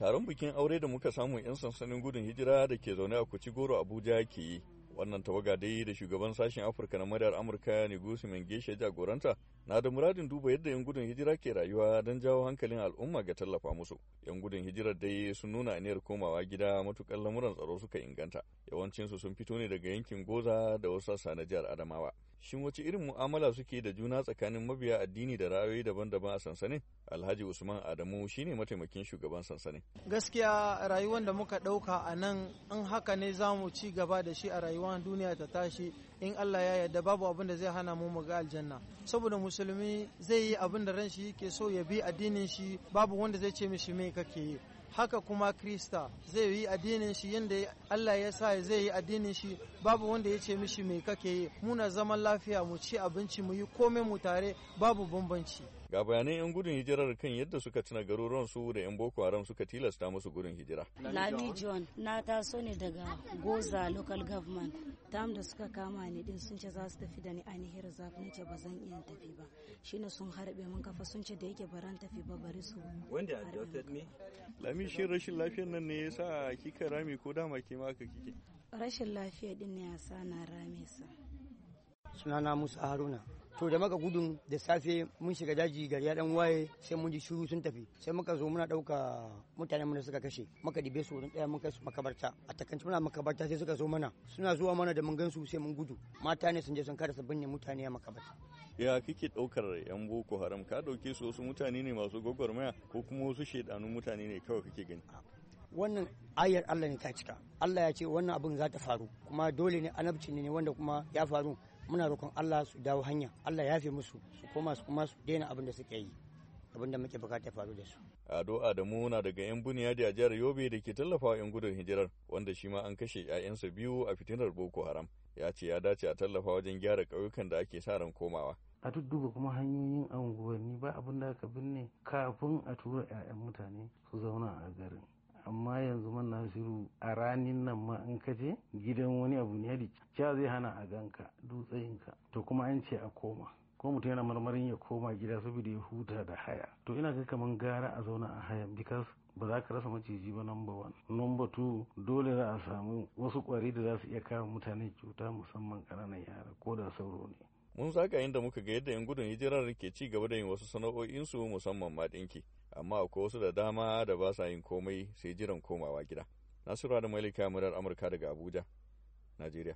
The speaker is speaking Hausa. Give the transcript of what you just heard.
taron bikin aure da muka samu 'yan sansanin gudun hijira da ke zaune a kuci goro abuja ke yi wannan tawaga dai da shugaban sashen afirka na muryar amurka negosu mengesha jagoranta na da muradin duba yadda yan gudun hijira ke rayuwa don jawo hankalin al'umma ga tallafa musu yan gudun hijirar dai sun nuna aniyar komawa gida matukar lamuran tsaro suka inganta yawancinsu sun fito ne daga yankin goza da wasu sassa na jihar adamawa Shin wace irin mu'amala suke da juna tsakanin mabiya addini da ra'ayoyi daban-daban a sansanin? Alhaji Usman Adamu shine mataimakin shugaban sansanin. Gaskiya rayuwan da muka ɗauka a nan in haka ne za mu ci gaba da shi a rayuwar duniya ta tashi in Allah ya yarda babu abin da zai hana mu mu ga aljanna. Saboda musulmi zai yi abin da ran shi yake so ya bi addinin shi babu wanda zai ce mishi me kake yi. haka kuma krista zai yi addinin shi yadda allah ya sa zai yi addinin shi babu wanda ya ce mishi mai kake yi muna zaman lafiya mu ci abinci mu yi komai mu tare babu bambanci ga bayanan 'yan gudun hijirar kan yadda suka tuna garuruwan su da 'yan boko haram suka tilasta musu gudun hijira lami john na taso ne daga goza local government tam da suka kama ni din sun ce za su tafi da ni a nihir zafi na ce ba zan iya tafi ba shine sun harbe mun kafa sun ce da yake baran tafi ba bari su wanda adopted ne lami shi rashin lafiyar nan ne yasa kika rami ko dama ke ma ka kike rashin lafiya din ne yasa na rame sa sunana Musa Haruna to da maka gudun da safe mun shiga daji gari ya dan waye sai mun ji shiru sun tafi sai muka zo muna dauka mutanen mu suka kashe muka dibe su wurin daya mun kai su makabarta a takanci muna makabarta sai suka zo mana suna zuwa mana da mun gan su sai mun gudu mata ne sun je sun kada sabbin mutane a makabarta ya kike daukar yan boko haram ka dauke su wasu mutane ne masu gwagwarmaya ko kuma wasu shedanun mutane ne kawai kake gani wannan ayar Allah ne ta cika Allah ya ce wannan abin za ta faru kuma dole ne anabci ne wanda kuma ya faru muna roƙon Allah su dawo hanya Allah ya fi musu su koma su kuma su daina abin da suke yi abin da muke bukata faru da su. Ado Adamu na daga 'yan buniya a jihar Yobe da ke tallafawa 'yan gudun hijirar wanda shi ma an kashe 'ya'yansa biyu a fitinar Boko Haram. Ya ce ya dace a tallafa wajen gyara ƙauyukan da ake sa ran komawa. A dudduba kuma hanyoyin unguwanni ba abin da aka binne kafin a tura 'ya'yan mutane su zauna a garin. amma yanzu man nasiru a ranin nan ma in ka je gidan wani abu ne cewa zai hana a ganka dutsayinka to kuma an ce a koma ko mutum yana marmarin ya koma gida saboda ya huta da haya to ina ga kaman gara a zauna a hayan bikas ba za ka rasa maciji ba number one number two dole za a samu wasu kwari da za su iya kawo mutane cuta musamman ƙananan yara ko da sauro ne mun saka da muka ga yadda 'yan gudun hijirar ke ci gaba da yin wasu sana'o'insu musamman ma ɗinki amma akwai wasu da dama da ba sa yin komai sai jiran komawa gida. Nasiru da Malika murar Amurka daga Abuja, Najeriya.